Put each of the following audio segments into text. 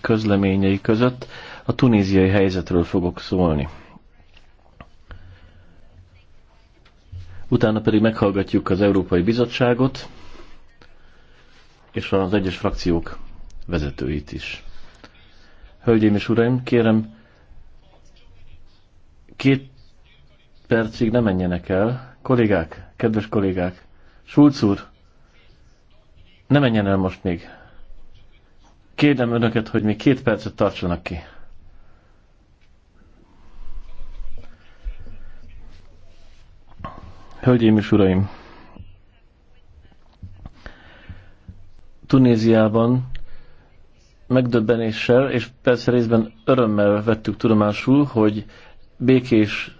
közleményei között a tunéziai helyzetről fogok szólni. Utána pedig meghallgatjuk az Európai Bizottságot és az egyes frakciók vezetőit is. Hölgyeim és uraim, kérem, két percig ne menjenek el. Kollégák, kedves kollégák, Schulz úr, ne menjen el most még. Kérem önöket, hogy még két percet tartsanak ki. Hölgyeim és uraim! Tunéziában megdöbbenéssel és persze részben örömmel vettük tudomásul, hogy békés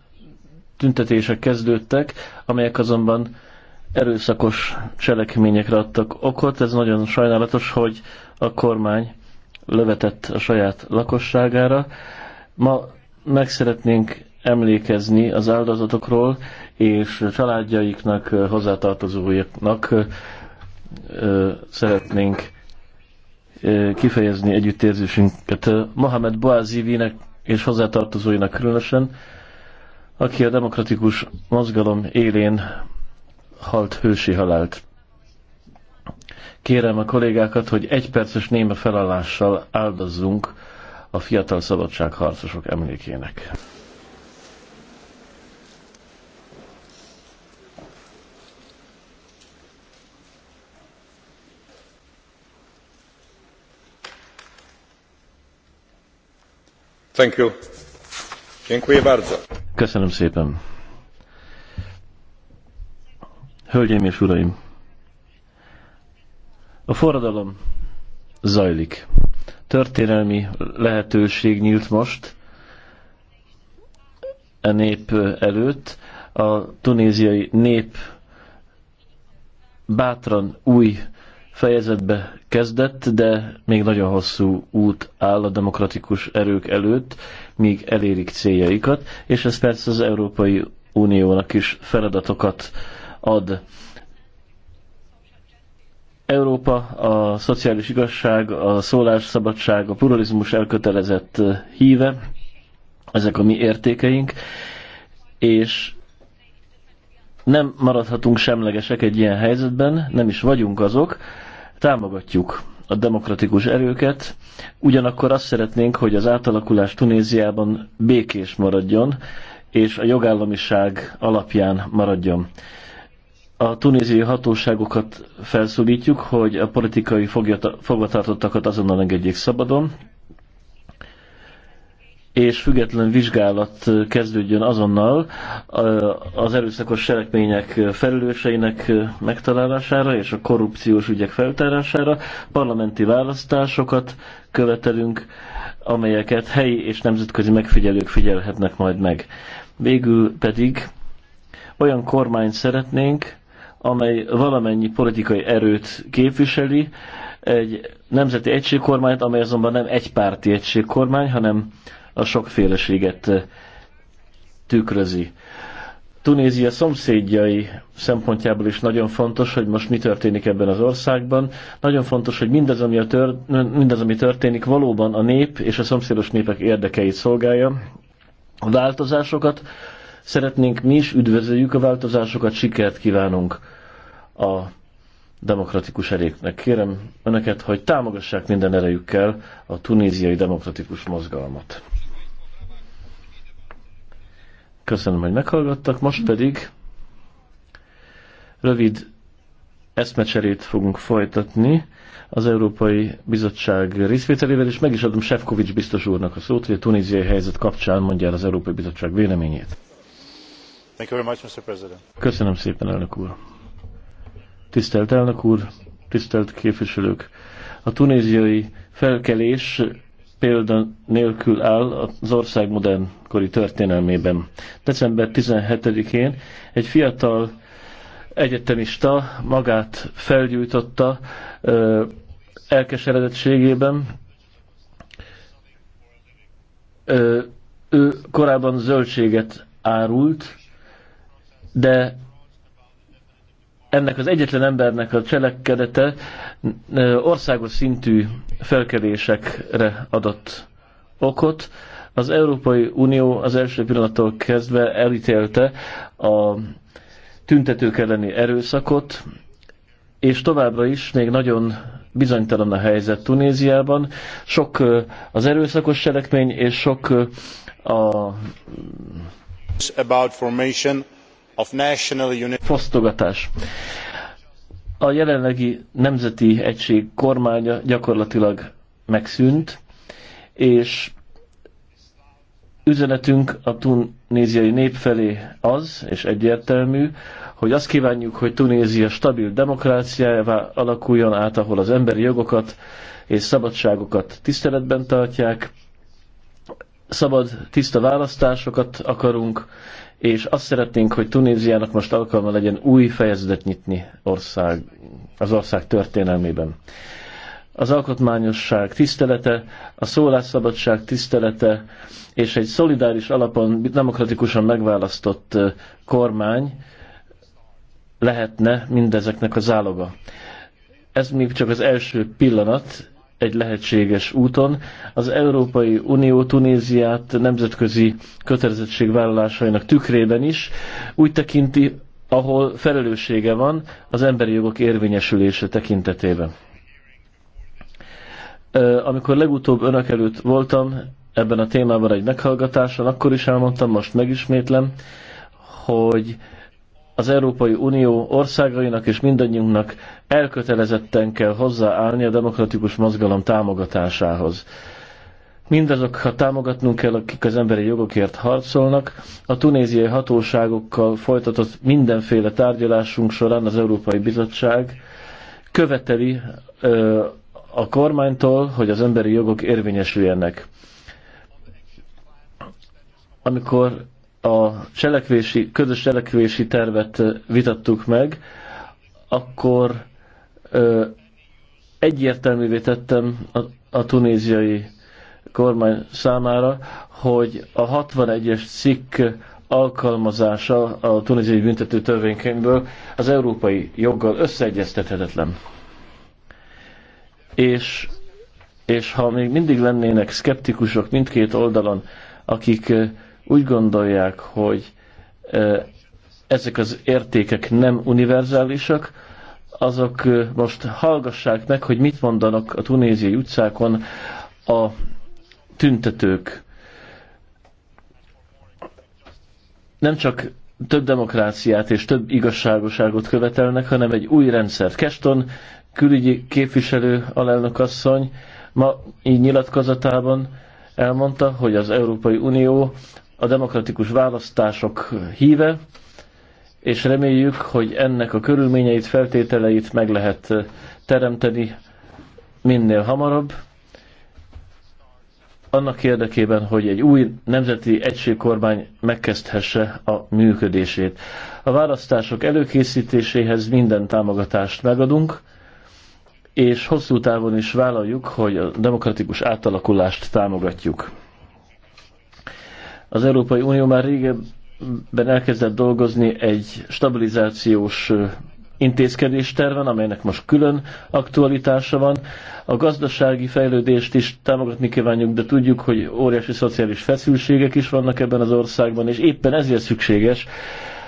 tüntetések kezdődtek, amelyek azonban erőszakos cselekményekre adtak okot. Ez nagyon sajnálatos, hogy a kormány lövetett a saját lakosságára. Ma meg szeretnénk emlékezni az áldozatokról, és családjaiknak, hozzátartozóiknak szeretnénk kifejezni együttérzésünket. Mohamed Boazivinek és hozzátartozóinak különösen, aki a demokratikus mozgalom élén halt hősi halált. Kérem a kollégákat, hogy egy perces néma felállással áldozzunk a fiatal szabadságharcosok emlékének. Thank you. Dziękuję bardzo. Köszönöm szépen. Hölgyeim és uraim! A forradalom zajlik. Történelmi lehetőség nyílt most a nép előtt. A tunéziai nép bátran új fejezetbe kezdett, de még nagyon hosszú út áll a demokratikus erők előtt, míg elérik céljaikat, és ez persze az Európai Uniónak is feladatokat ad. Európa a szociális igazság, a szólásszabadság, a pluralizmus elkötelezett eh, híve, ezek a mi értékeink, és nem maradhatunk semlegesek egy ilyen helyzetben, nem is vagyunk azok, támogatjuk a demokratikus erőket, ugyanakkor azt szeretnénk, hogy az átalakulás Tunéziában békés maradjon, és a jogállamiság alapján maradjon a tunéziai hatóságokat felszólítjuk, hogy a politikai fogvatartottakat azonnal engedjék szabadon, és független vizsgálat kezdődjön azonnal az erőszakos selekmények felelőseinek megtalálására és a korrupciós ügyek feltárására. Parlamenti választásokat követelünk, amelyeket helyi és nemzetközi megfigyelők figyelhetnek majd meg. Végül pedig olyan kormányt szeretnénk, amely valamennyi politikai erőt képviseli, egy nemzeti egységkormányt, amely azonban nem egy párti egységkormány, hanem a sokféleséget eh, tükrözi. Tunézia szomszédjai szempontjából is nagyon fontos, hogy most mi történik ebben az országban. Nagyon fontos, hogy mindaz, ami, a tör, mindaz, ami történik, valóban a nép és a szomszédos népek érdekeit szolgálja. A változásokat Szeretnénk mi is üdvözöljük a változásokat, sikert kívánunk a demokratikus eréknek. Kérem önöket, hogy támogassák minden erejükkel a tunéziai demokratikus mozgalmat. Köszönöm, hogy meghallgattak. Most pedig rövid eszmecserét fogunk folytatni az Európai Bizottság részvételével, és meg is adom Sefkovics biztos úrnak a szót, hogy a tunéziai helyzet kapcsán mondja el az Európai Bizottság véleményét. Köszönöm szépen, elnök úr. Tisztelt elnök úr, tisztelt képviselők! A tunéziai felkelés példa nélkül áll az ország modernkori történelmében. December 17-én egy fiatal egyetemista magát felgyújtotta ö, elkeseredettségében. Ö, ő korábban zöldséget árult, de ennek az egyetlen embernek a cselekedete országos szintű felkelésekre adott okot. Az Európai Unió az első pillanattól kezdve elítélte a tüntetők elleni erőszakot, és továbbra is még nagyon bizonytalan a helyzet Tunéziában. Sok az erőszakos cselekmény, és sok a about formation Fosztogatás. A jelenlegi nemzeti egység kormánya gyakorlatilag megszűnt, és üzenetünk a tunéziai nép felé az, és egyértelmű, hogy azt kívánjuk, hogy Tunézia stabil demokráciává alakuljon át, ahol az emberi jogokat és szabadságokat tiszteletben tartják, szabad, tiszta választásokat akarunk, és azt szeretnénk, hogy Tunéziának most alkalma legyen új fejezetet nyitni ország, az ország történelmében. Az alkotmányosság tisztelete, a szólásszabadság tisztelete és egy szolidáris alapon demokratikusan megválasztott kormány lehetne mindezeknek a záloga. Ez még csak az első pillanat, egy lehetséges úton. Az Európai Unió Tunéziát nemzetközi kötelezettségvállalásainak tükrében is úgy tekinti, ahol felelőssége van az emberi jogok érvényesülése tekintetében. Amikor legutóbb önök előtt voltam ebben a témában egy meghallgatáson, akkor is elmondtam, most megismétlem, hogy az Európai Unió országainak és mindannyiunknak elkötelezetten kell hozzáállni a demokratikus mozgalom támogatásához. Mindazokat támogatnunk kell, akik az emberi jogokért harcolnak. A tunéziai hatóságokkal folytatott mindenféle tárgyalásunk során az Európai Bizottság követeli ö, a kormánytól, hogy az emberi jogok érvényesüljenek. Amikor a cselekvési, közös cselekvési tervet vitattuk meg, akkor ö, egyértelművé tettem a, a tunéziai kormány számára, hogy a 61-es cikk alkalmazása a tunéziai büntető törvénykönyvből az európai joggal összeegyeztethetetlen. És, és ha még mindig lennének szkeptikusok mindkét oldalon, akik úgy gondolják, hogy ezek az értékek nem univerzálisak, azok most hallgassák meg, hogy mit mondanak a tunéziai utcákon a tüntetők. Nem csak több demokráciát és több igazságoságot követelnek, hanem egy új rendszert. Keston külügyi képviselő alelnök asszony ma így nyilatkozatában elmondta, hogy az Európai Unió a demokratikus választások híve, és reméljük, hogy ennek a körülményeit, feltételeit meg lehet eh, teremteni minél hamarabb, annak érdekében, hogy egy új nemzeti egységkormány megkezdhesse a működését. A választások előkészítéséhez minden támogatást megadunk, és hosszú távon is vállaljuk, hogy a demokratikus átalakulást támogatjuk. Az Európai Unió már régebben elkezdett dolgozni egy stabilizációs intézkedés terven, amelynek most külön aktualitása van. A gazdasági fejlődést is támogatni kívánjuk, de tudjuk, hogy óriási szociális feszültségek is vannak ebben az országban, és éppen ezért szükséges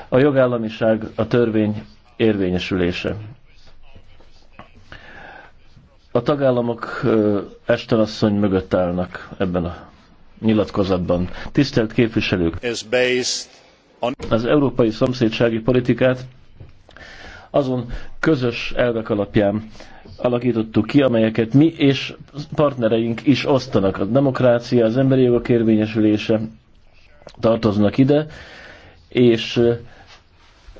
a jogállamiság, a törvény érvényesülése. A tagállamok Estenasszony mögött állnak ebben a nyilatkozatban. Tisztelt képviselők! Az európai szomszédsági politikát azon közös elvek alapján alakítottuk ki, amelyeket mi és partnereink is osztanak. A demokrácia, az emberi jogok érvényesülése tartoznak ide, és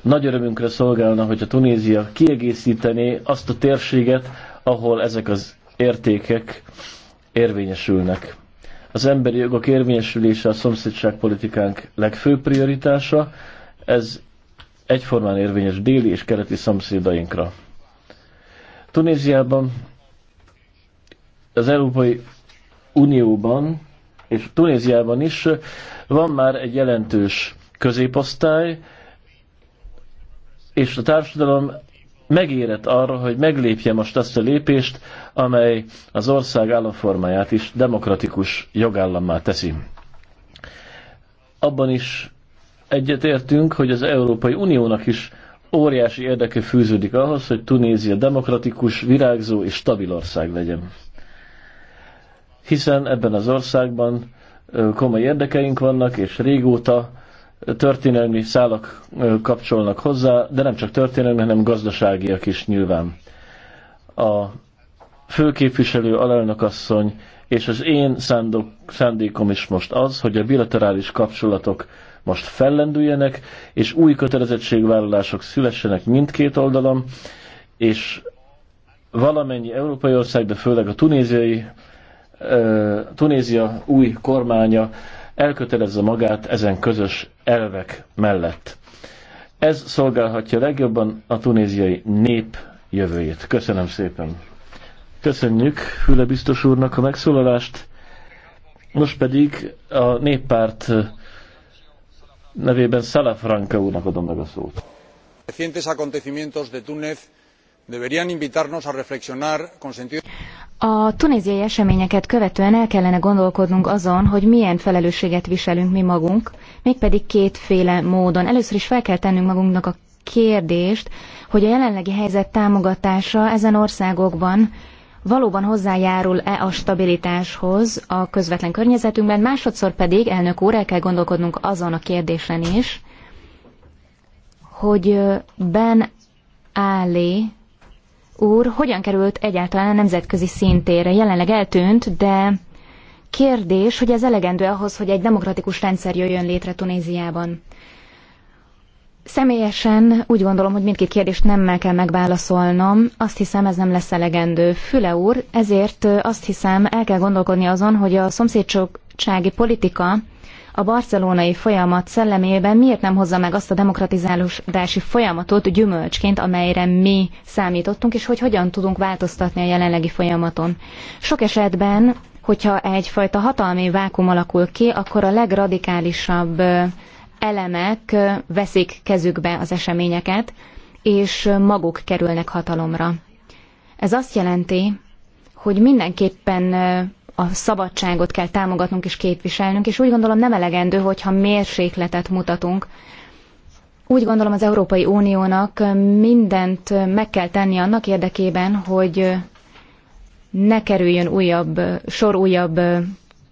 nagy örömünkre szolgálna, hogy a Tunézia kiegészítené azt a térséget, ahol ezek az értékek érvényesülnek. Az emberi jogok érvényesülése a szomszédságpolitikánk legfőbb prioritása, ez egyformán érvényes déli és keleti szomszédainkra. Tunéziában, az Európai Unióban és Tunéziában is van már egy jelentős középosztály, és a társadalom megérett arra, hogy meglépje most azt a lépést, amely az ország államformáját is demokratikus jogállammá teszi. Abban is egyetértünk, hogy az Európai Uniónak is óriási érdeke fűződik ahhoz, hogy Tunézia demokratikus, virágzó és stabil ország legyen. Hiszen ebben az országban komoly érdekeink vannak, és régóta történelmi szálak kapcsolnak hozzá, de nem csak történelmi, hanem gazdaságiak is nyilván. A főképviselő alelnökasszony és az én szándok, szándékom is most az, hogy a bilaterális kapcsolatok most fellendüljenek, és új kötelezettségvállalások szülessenek mindkét oldalon, és valamennyi európai ország, de főleg a tunéziai, Tunézia új kormánya elkötelezze magát ezen közös elvek mellett. Ez szolgálhatja legjobban a tunéziai nép jövőjét. Köszönöm szépen. Köszönjük Füle biztos úrnak a megszólalást. Most pedig a néppárt nevében Salafranca úrnak adom meg a szót. Recientes acontecimientos de Túnez deberían invitarnos a reflexionar con sentido a tunéziai eseményeket követően el kellene gondolkodnunk azon, hogy milyen felelősséget viselünk mi magunk, mégpedig kétféle módon. Először is fel kell tennünk magunknak a kérdést, hogy a jelenlegi helyzet támogatása ezen országokban valóban hozzájárul-e a stabilitáshoz a közvetlen környezetünkben, másodszor pedig, elnök úr, el kell gondolkodnunk azon a kérdésen is, hogy Ben Ali úr hogyan került egyáltalán a nemzetközi szintére? Jelenleg eltűnt, de kérdés, hogy ez elegendő ahhoz, hogy egy demokratikus rendszer jöjjön létre Tunéziában. Személyesen úgy gondolom, hogy mindkét kérdést nem kell megválaszolnom. Azt hiszem, ez nem lesz elegendő. Füle úr, ezért azt hiszem, el kell gondolkodni azon, hogy a szomszédsági politika a barcelonai folyamat szellemében miért nem hozza meg azt a demokratizálódási folyamatot gyümölcsként, amelyre mi számítottunk, és hogy hogyan tudunk változtatni a jelenlegi folyamaton. Sok esetben, hogyha egyfajta hatalmi vákum alakul ki, akkor a legradikálisabb elemek veszik kezükbe az eseményeket, és maguk kerülnek hatalomra. Ez azt jelenti, hogy mindenképpen a szabadságot kell támogatnunk és képviselnünk, és úgy gondolom nem elegendő, hogyha mérsékletet mutatunk. Úgy gondolom az Európai Uniónak mindent meg kell tenni annak érdekében, hogy ne kerüljön újabb, sor újabb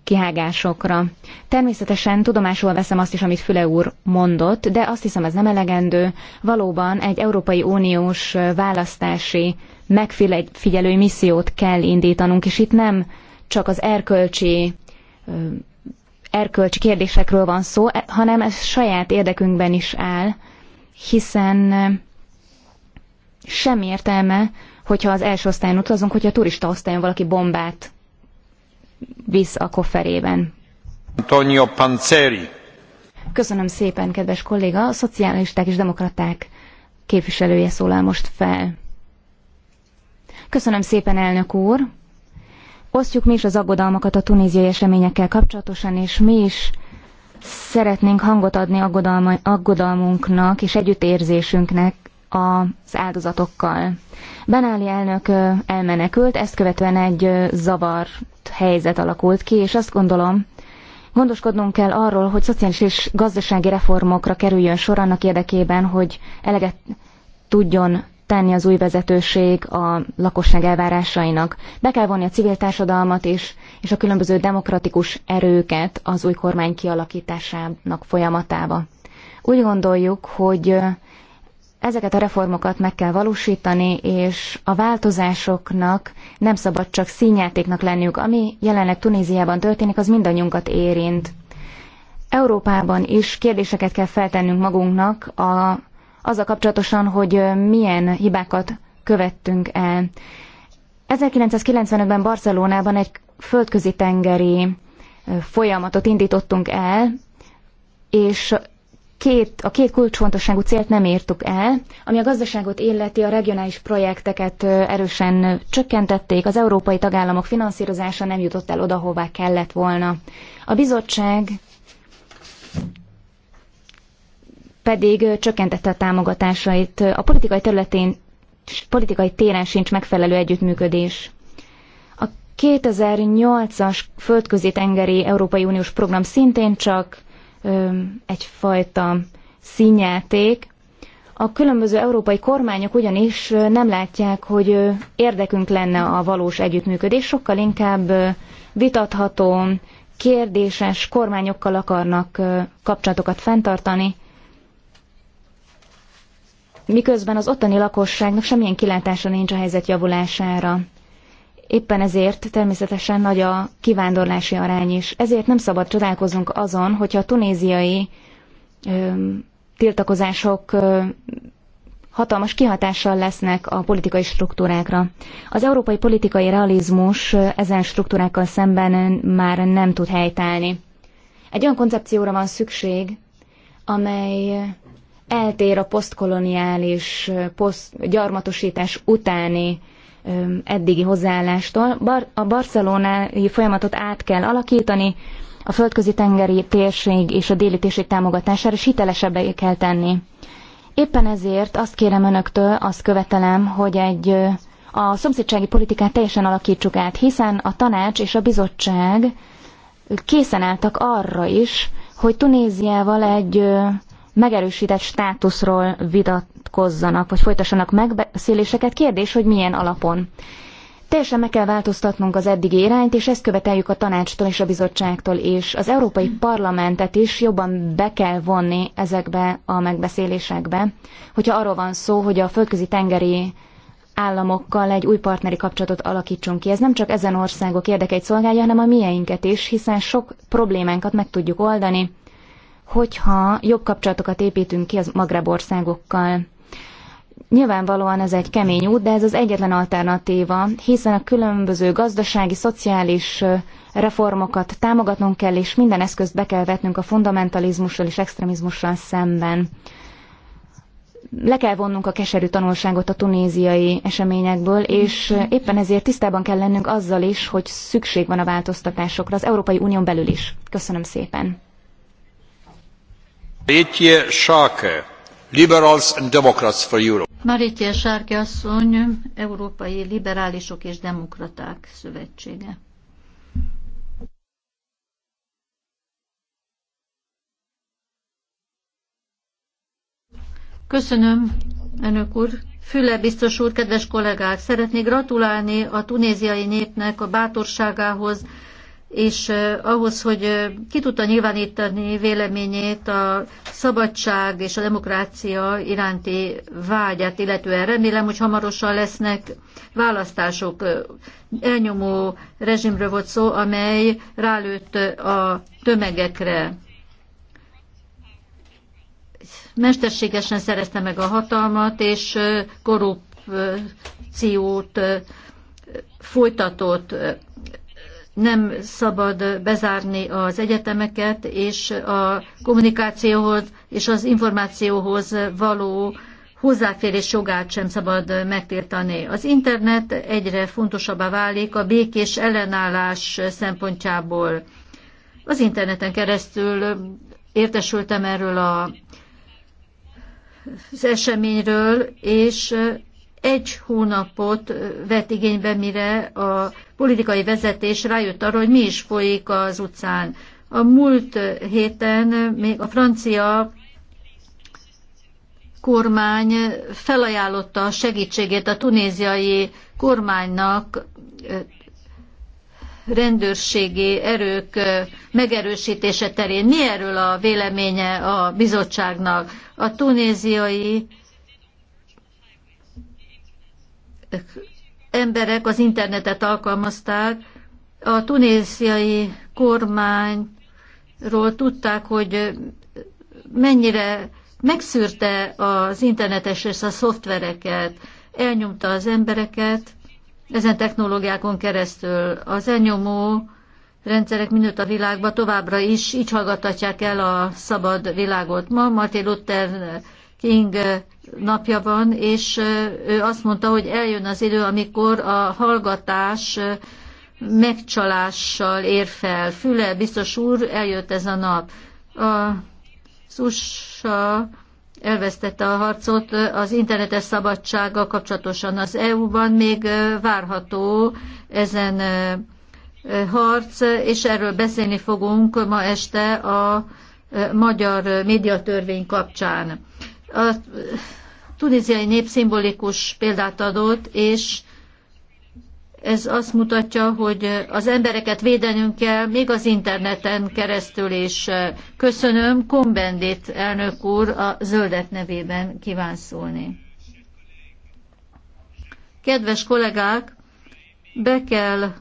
kihágásokra. Természetesen tudomásul veszem azt is, amit Füle úr mondott, de azt hiszem ez nem elegendő. Valóban egy Európai Uniós választási megfigyelő missziót kell indítanunk, és itt nem csak az erkölcsi erkölcsi kérdésekről van szó, e, hanem ez saját érdekünkben is áll, hiszen sem értelme, hogyha az első osztályon utazunk, hogyha a turista osztályon valaki bombát visz a kofferében. Antonio Panzeri. Köszönöm szépen, kedves kolléga. A szocialisták és demokraták képviselője szólal most fel. Köszönöm szépen, elnök úr osztjuk mi is az aggodalmakat a tunéziai eseményekkel kapcsolatosan, és mi is szeretnénk hangot adni aggodalma, aggodalmunknak és együttérzésünknek az áldozatokkal. Benáli elnök elmenekült, ezt követően egy zavart helyzet alakult ki, és azt gondolom, gondoskodnunk kell arról, hogy szociális és gazdasági reformokra kerüljön sor annak érdekében, hogy eleget tudjon tenni az új vezetőség a lakosság elvárásainak. Be kell vonni a civil társadalmat is, és a különböző demokratikus erőket az új kormány kialakításának folyamatába. Úgy gondoljuk, hogy ezeket a reformokat meg kell valósítani, és a változásoknak nem szabad csak színjátéknak lenniük. Ami jelenleg Tunéziában történik, az mindannyiunkat érint. Európában is kérdéseket kell feltennünk magunknak a azzal kapcsolatosan, hogy milyen hibákat követtünk el. 1995-ben Barcelonában egy földközi tengeri folyamatot indítottunk el, és két, a két kulcsfontosságú célt nem értük el, ami a gazdaságot illeti, a regionális projekteket erősen csökkentették, az európai tagállamok finanszírozása nem jutott el oda, hová kellett volna. A bizottság pedig csökkentette a támogatásait. A politikai területén, politikai téren sincs megfelelő együttműködés. A 2008-as földközi tengeri Európai Uniós program szintén csak ö, egyfajta színjáték. A különböző európai kormányok ugyanis nem látják, hogy érdekünk lenne a valós együttműködés, sokkal inkább vitatható, kérdéses kormányokkal akarnak kapcsolatokat fenntartani, miközben az ottani lakosságnak semmilyen kilátása nincs a helyzet javulására. Éppen ezért természetesen nagy a kivándorlási arány is. Ezért nem szabad csodálkozunk azon, hogyha a tunéziai ö, tiltakozások ö, hatalmas kihatással lesznek a politikai struktúrákra. Az európai politikai realizmus ezen struktúrákkal szemben már nem tud helytállni. Egy olyan koncepcióra van szükség, amely eltér a posztkoloniális poszt, gyarmatosítás utáni eddigi hozzáállástól. Bar- a barcelonai folyamatot át kell alakítani, a földközi tengeri térség és a déli térség támogatására is hitelesebbé kell tenni. Éppen ezért azt kérem önöktől, azt követelem, hogy egy a szomszédsági politikát teljesen alakítsuk át, hiszen a tanács és a bizottság készen álltak arra is, hogy Tunéziával egy megerősített státuszról vitatkozzanak, vagy folytassanak megbeszéléseket. Kérdés, hogy milyen alapon. Teljesen meg kell változtatnunk az eddigi irányt, és ezt követeljük a tanácstól és a bizottságtól és Az Európai Parlamentet is jobban be kell vonni ezekbe a megbeszélésekbe, hogyha arról van szó, hogy a földközi tengeri államokkal egy új partneri kapcsolatot alakítsunk ki. Ez nem csak ezen országok érdekeit szolgálja, hanem a mieinket is, hiszen sok problémánkat meg tudjuk oldani hogyha jobb kapcsolatokat építünk ki az Magreb országokkal. Nyilvánvalóan ez egy kemény út, de ez az egyetlen alternatíva, hiszen a különböző gazdasági, szociális reformokat támogatnunk kell, és minden eszközt be kell vetnünk a fundamentalizmussal és extremizmussal szemben. Le kell vonnunk a keserű tanulságot a tunéziai eseményekből, és éppen ezért tisztában kell lennünk azzal is, hogy szükség van a változtatásokra az Európai Unión belül is. Köszönöm szépen! Maritje Sáke, Liberals and Democrats for Europe. Sárke asszony, Európai Liberálisok és Demokraták Szövetsége. Köszönöm, önök úr. Füle biztos úr, kedves kollégák, szeretnék gratulálni a tunéziai népnek a bátorságához, és ahhoz, hogy ki tudta nyilvánítani véleményét a szabadság és a demokrácia iránti vágyát, illetően remélem, hogy hamarosan lesznek választások. Elnyomó rezsimről volt szó, amely rálőtt a tömegekre. Mesterségesen szerezte meg a hatalmat, és korrupciót folytatott nem szabad bezárni az egyetemeket, és a kommunikációhoz és az információhoz való hozzáférés jogát sem szabad megtiltani. Az internet egyre fontosabbá válik a békés ellenállás szempontjából. Az interneten keresztül értesültem erről a, az eseményről, és egy hónapot vett igénybe, mire a politikai vezetés rájött arra, hogy mi is folyik az utcán. A múlt héten még a francia kormány felajánlotta a segítségét a tunéziai kormánynak rendőrségi erők megerősítése terén. Mi erről a véleménye a bizottságnak? A tunéziai emberek az internetet alkalmazták. A tunéziai kormányról tudták, hogy mennyire megszűrte az internetes és a szoftvereket, elnyomta az embereket ezen technológiákon keresztül. Az elnyomó rendszerek minőtt a világba továbbra is így hallgatják el a szabad világot. Ma Martin Luther King napja van, és ő azt mondta, hogy eljön az idő, amikor a hallgatás megcsalással ér fel. Füle, biztos úr, eljött ez a nap. A USA elvesztette a harcot az internetes szabadsága kapcsolatosan. Az EU-ban még várható ezen harc, és erről beszélni fogunk ma este a magyar médiatörvény kapcsán. A tunéziai nép szimbolikus példát adott, és ez azt mutatja, hogy az embereket védenünk kell, még az interneten keresztül is. Köszönöm, Kombendit elnök úr a zöldet nevében kíván szólni. Kedves kollégák, be kell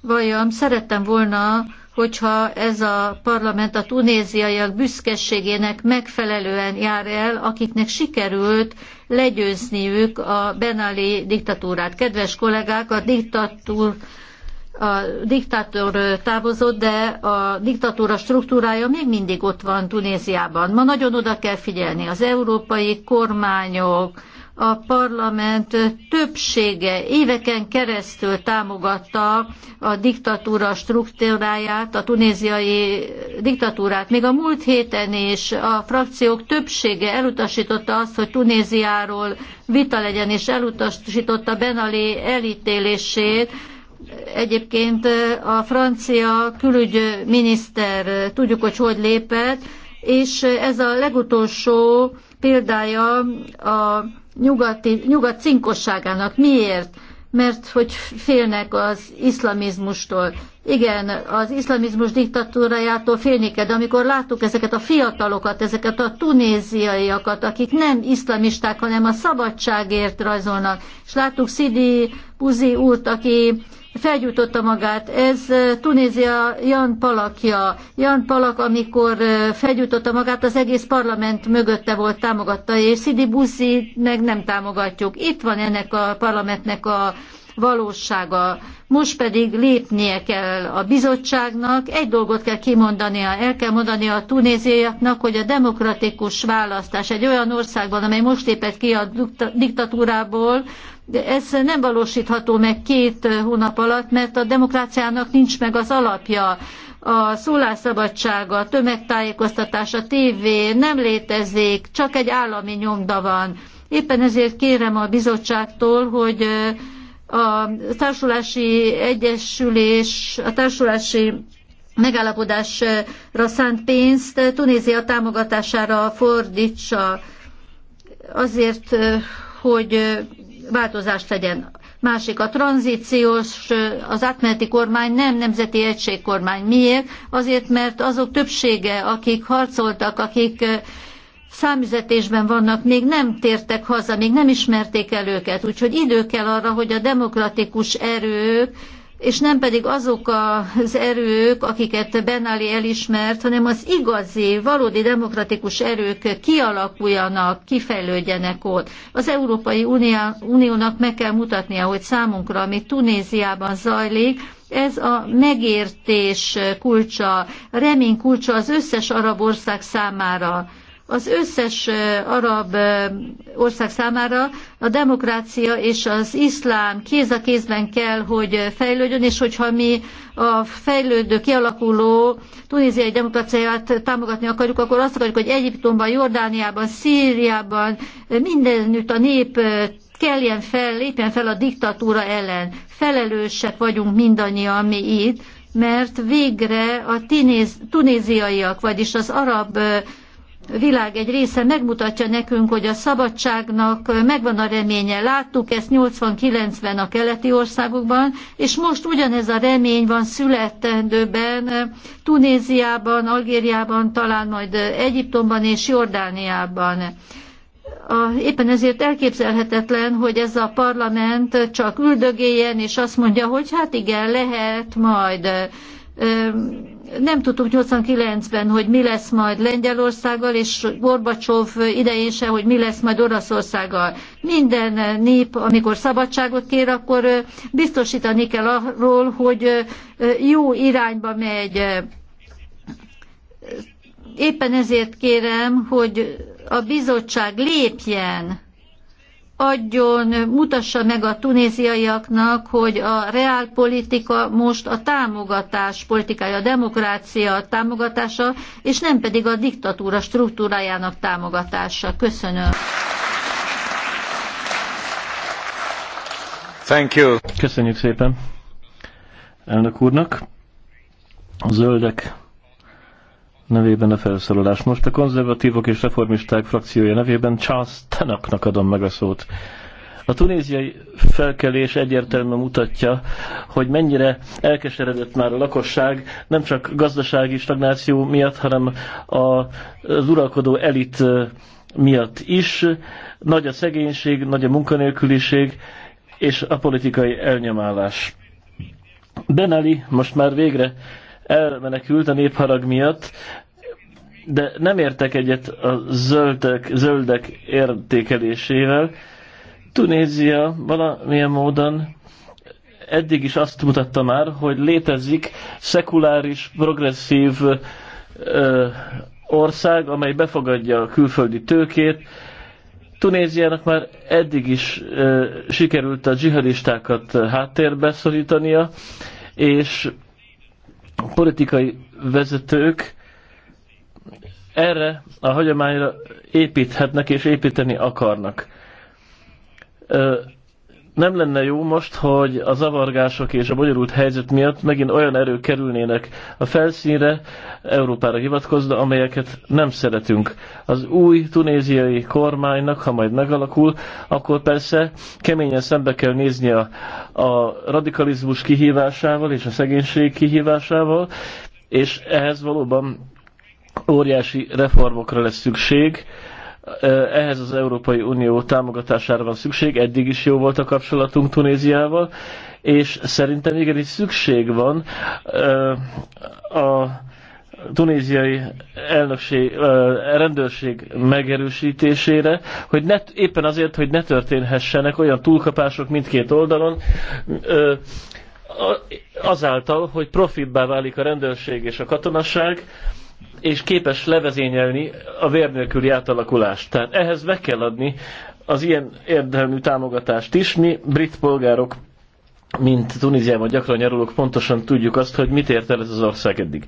valljam, szerettem volna hogyha ez a parlament a tunéziaiak büszkeségének megfelelően jár el, akiknek sikerült legyőzniük a Benali diktatúrát. Kedves kollégák, a diktatúr a diktátor távozott, de a diktatúra struktúrája még mindig ott van Tunéziában. Ma nagyon oda kell figyelni. Az európai kormányok, a parlament többsége éveken keresztül támogatta a diktatúra struktúráját, a tunéziai diktatúrát. Még a múlt héten is a frakciók többsége elutasította azt, hogy Tunéziáról vita legyen, és elutasította Benali elítélését, Egyébként a francia külügyminiszter tudjuk, hogy hogy lépett, és ez a legutolsó példája a nyugati, nyugat cinkosságának. Miért? Mert hogy félnek az iszlamizmustól. Igen, az iszlamizmus diktatúrájától félni kell, de amikor láttuk ezeket a fiatalokat, ezeket a tunéziaiakat, akik nem iszlamisták, hanem a szabadságért rajzolnak, és láttuk Szidi Buzi úrt, aki felgyújtotta magát. Ez Tunézia Jan Palakja. Jan Palak, amikor felgyújtotta magát, az egész parlament mögötte volt, támogatta, és Sidi Buszi meg nem támogatjuk. Itt van ennek a parlamentnek a valósága. Most pedig lépnie kell a bizottságnak, egy dolgot kell kimondania, el kell mondania a tunéziaiaknak, hogy a demokratikus választás egy olyan országban, amely most lépett ki a diktatúrából, de ez nem valósítható meg két hónap alatt, mert a demokráciának nincs meg az alapja. A szólásszabadság, a tömegtájékoztatás, a tévé nem létezik, csak egy állami nyomda van. Éppen ezért kérem a bizottságtól, hogy a társulási egyesülés, a társulási megállapodásra szánt pénzt Tunézia támogatására fordítsa azért, hogy változást legyen. Másik a tranzíciós, az átmeneti kormány nem nemzeti egységkormány. Miért? Azért, mert azok többsége, akik harcoltak, akik számüzetésben vannak, még nem tértek haza, még nem ismerték el őket. Úgyhogy idő kell arra, hogy a demokratikus erők, és nem pedig azok az erők, akiket Benali elismert, hanem az igazi, valódi demokratikus erők kialakuljanak, kifejlődjenek ott. Az Európai Uniónak meg kell mutatnia, hogy számunkra, ami Tunéziában zajlik, ez a megértés kulcsa, remény kulcsa az összes arab ország számára az összes arab ország számára a demokrácia és az iszlám kéz a kézben kell, hogy fejlődjön, és hogyha mi a fejlődő, kialakuló tunéziai demokráciát támogatni akarjuk, akkor azt akarjuk, hogy Egyiptomban, Jordániában, Szíriában mindenütt a nép kelljen fel, lépjen fel a diktatúra ellen. Felelősek vagyunk mindannyian mi itt, mert végre a tunéziaiak, vagyis az arab világ egy része megmutatja nekünk, hogy a szabadságnak megvan a reménye. Láttuk ezt 80-90 a keleti országokban, és most ugyanez a remény van születendőben, Tunéziában, Algériában, talán majd Egyiptomban és Jordániában. A, éppen ezért elképzelhetetlen, hogy ez a parlament csak üldögéljen, és azt mondja, hogy hát igen, lehet majd nem tudtuk 89-ben, hogy mi lesz majd Lengyelországgal, és Gorbacsov idején se, hogy mi lesz majd Oroszországgal. Minden nép, amikor szabadságot kér, akkor biztosítani kell arról, hogy jó irányba megy. Éppen ezért kérem, hogy a bizottság lépjen adjon, mutassa meg a tunéziaiaknak, hogy a reálpolitika most a támogatás politikája, a demokrácia támogatása, és nem pedig a diktatúra struktúrájának támogatása. Köszönöm. Thank you. Köszönjük szépen elnök úrnak. A zöldek nevében a felszólalás. Most a konzervatívok és reformisták frakciója nevében Charles Tanaknak adom meg a szót. A tunéziai felkelés egyértelműen mutatja, hogy mennyire elkeseredett már a lakosság, nem csak gazdasági stagnáció miatt, hanem az uralkodó elit miatt is. Nagy a szegénység, nagy a munkanélküliség és a politikai elnyomálás. Ben Ali most már végre elmenekült a népharag miatt, de nem értek egyet a zöldek, zöldek értékelésével. Tunézia valamilyen módon eddig is azt mutatta már, hogy létezik szekuláris, progresszív ö, ország, amely befogadja a külföldi tőkét. Tunéziának már eddig is ö, sikerült a dzsihadistákat háttérbe szorítania, és politikai vezetők erre a hagyományra építhetnek és építeni akarnak nem lenne jó most, hogy a zavargások és a bonyolult helyzet miatt megint olyan erők kerülnének a felszínre, Európára hivatkozva, amelyeket nem szeretünk. Az új tunéziai kormánynak, ha majd megalakul, akkor persze keményen szembe kell nézni a, a radikalizmus kihívásával és a szegénység kihívásával, és ehhez valóban óriási reformokra lesz szükség, ehhez az Európai Unió támogatására van szükség, eddig is jó volt a kapcsolatunk Tunéziával, és szerintem igenis szükség van a tunéziai elnökség, rendőrség megerősítésére, hogy ne, éppen azért, hogy ne történhessenek olyan túlkapások mindkét oldalon, azáltal, hogy profitbá válik a rendőrség és a katonasság, és képes levezényelni a vér nélküli átalakulást. Tehát ehhez meg kell adni az ilyen érdemű támogatást is. Mi brit polgárok, mint Tunéziában gyakran nyarulok, pontosan tudjuk azt, hogy mit ért el ez az ország eddig.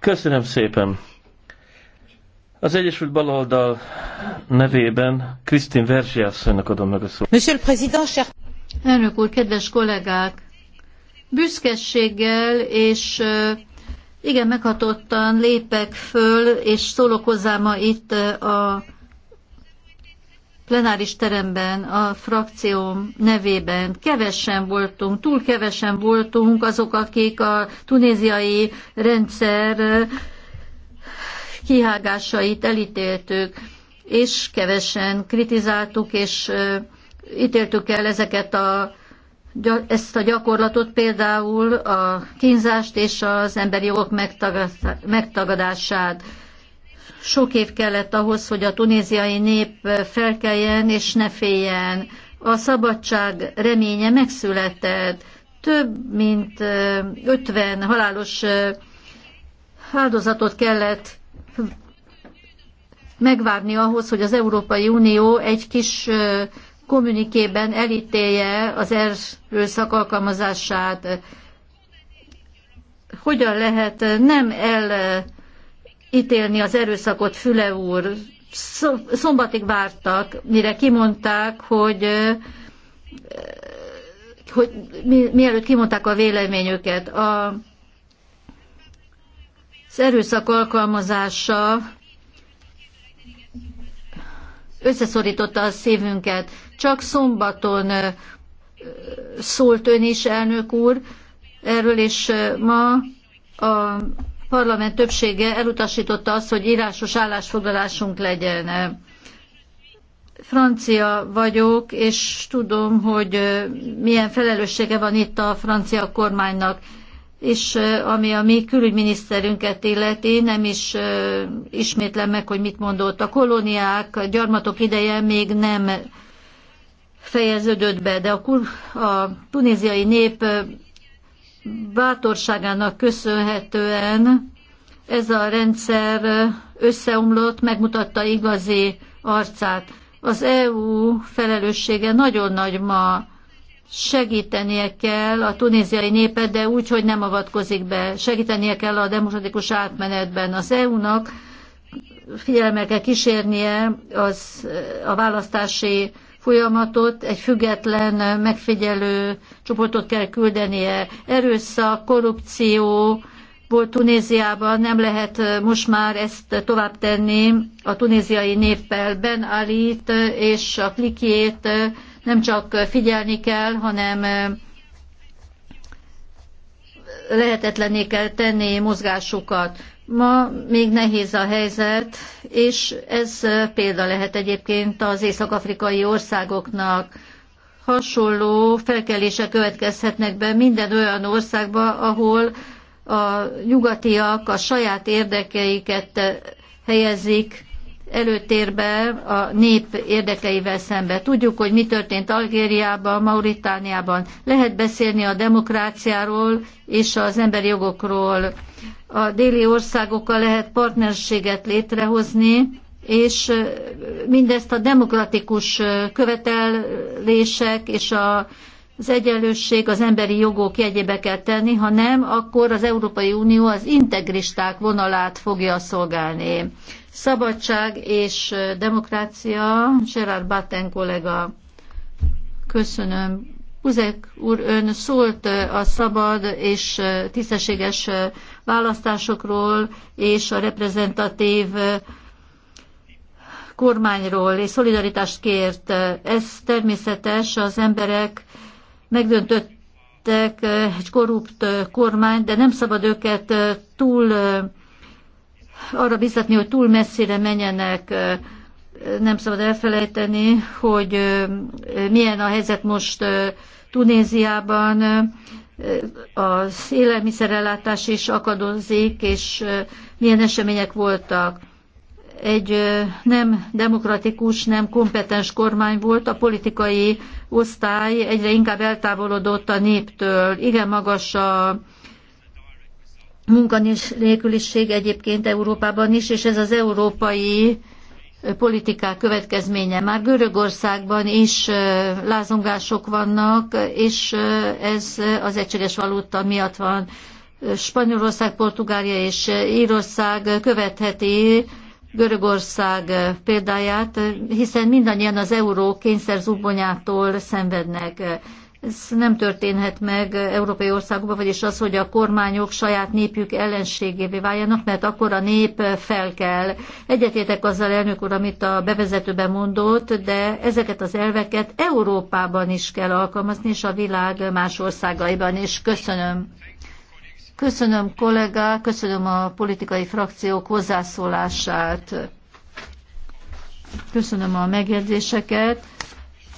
Köszönöm szépen! Az Egyesült Baloldal nevében Krisztin Verzsi adom meg a szót. Monsieur le Président, cher... Elnök úr, kedves kollégák! Büszkeséggel és igen, meghatottan lépek föl, és szólok hozzá ma itt a plenáris teremben, a frakcióm nevében. Kevesen voltunk, túl kevesen voltunk azok, akik a tunéziai rendszer kihágásait elítéltük, és kevesen kritizáltuk, és ítéltük el ezeket a ezt a gyakorlatot például a kínzást és az emberi jogok megtagadását. Sok év kellett ahhoz, hogy a tunéziai nép felkeljen és ne féljen. A szabadság reménye megszületett. Több mint 50 halálos áldozatot kellett megvárni ahhoz, hogy az Európai Unió egy kis kommunikében elítélje az erőszak alkalmazását. Hogyan lehet nem elítélni az erőszakot, Füle úr? Szombatig vártak, mire kimondták, hogy hogy mielőtt kimondták a véleményüket. A, az erőszak alkalmazása összeszorította a szívünket. Csak szombaton szólt ön is, elnök úr, erről, és ma a parlament többsége elutasította azt, hogy írásos állásfoglalásunk legyen. Francia vagyok, és tudom, hogy milyen felelőssége van itt a francia kormánynak, és ami a mi külügyminiszterünket illeti, nem is ismétlem meg, hogy mit mondott. A kolóniák, a gyarmatok ideje még nem fejeződött be, de a, a tunéziai nép bátorságának köszönhetően ez a rendszer összeomlott, megmutatta igazi arcát. Az EU felelőssége nagyon nagy ma. Segítenie kell a tunéziai népet, de úgy, hogy nem avatkozik be. Segítenie kell a demokratikus átmenetben. Az EU-nak figyelemmel kell kísérnie az, a választási folyamatot, egy független megfigyelő csoportot kell küldenie. Erőszak, korrupció, volt Tunéziában, nem lehet most már ezt tovább tenni a tunéziai néppel. Ben Alit és a klikét nem csak figyelni kell, hanem lehetetlenné kell tenni mozgásukat. Ma még nehéz a helyzet, és ez példa lehet egyébként az észak-afrikai országoknak. Hasonló felkelések következhetnek be minden olyan országba, ahol a nyugatiak a saját érdekeiket helyezik előtérbe a nép érdekeivel szembe. Tudjuk, hogy mi történt Algériában, Mauritániában. Lehet beszélni a demokráciáról és az emberi jogokról a déli országokkal lehet partnerséget létrehozni, és mindezt a demokratikus követelések és a, az egyenlőség, az emberi jogok jegyébe kell tenni, ha nem, akkor az Európai Unió az integristák vonalát fogja szolgálni. Szabadság és demokrácia, Gerard Batten kollega. Köszönöm, Buzek úr, ön szólt a szabad és tisztességes választásokról és a reprezentatív kormányról, és szolidaritást kért. Ez természetes, az emberek megdöntöttek egy korrupt kormány, de nem szabad őket túl arra biztatni, hogy túl messzire menjenek nem szabad elfelejteni, hogy milyen a helyzet most Tunéziában, az élelmiszerellátás is akadozik, és milyen események voltak. Egy nem demokratikus, nem kompetens kormány volt, a politikai osztály egyre inkább eltávolodott a néptől. Igen magas a munkanélküliség egyébként Európában is, és ez az európai politikák következménye. Már Görögországban is lázongások vannak, és ez az egységes valuta miatt van. Spanyolország, Portugália és Írország követheti Görögország példáját, hiszen mindannyian az euró kényszerzubonyától szenvednek. Ez nem történhet meg európai országokban, vagyis az, hogy a kormányok saját népjük ellenségévé váljanak, mert akkor a nép fel kell. Egyetétek azzal, elnök úr, amit a bevezetőben mondott, de ezeket az elveket Európában is kell alkalmazni, és a világ más országaiban is. Köszönöm. Köszönöm kollégá, köszönöm a politikai frakciók hozzászólását. Köszönöm a megjegyzéseket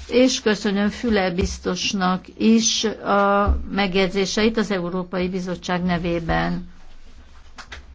és köszönöm Füle biztosnak is a megjegyzéseit az Európai Bizottság nevében.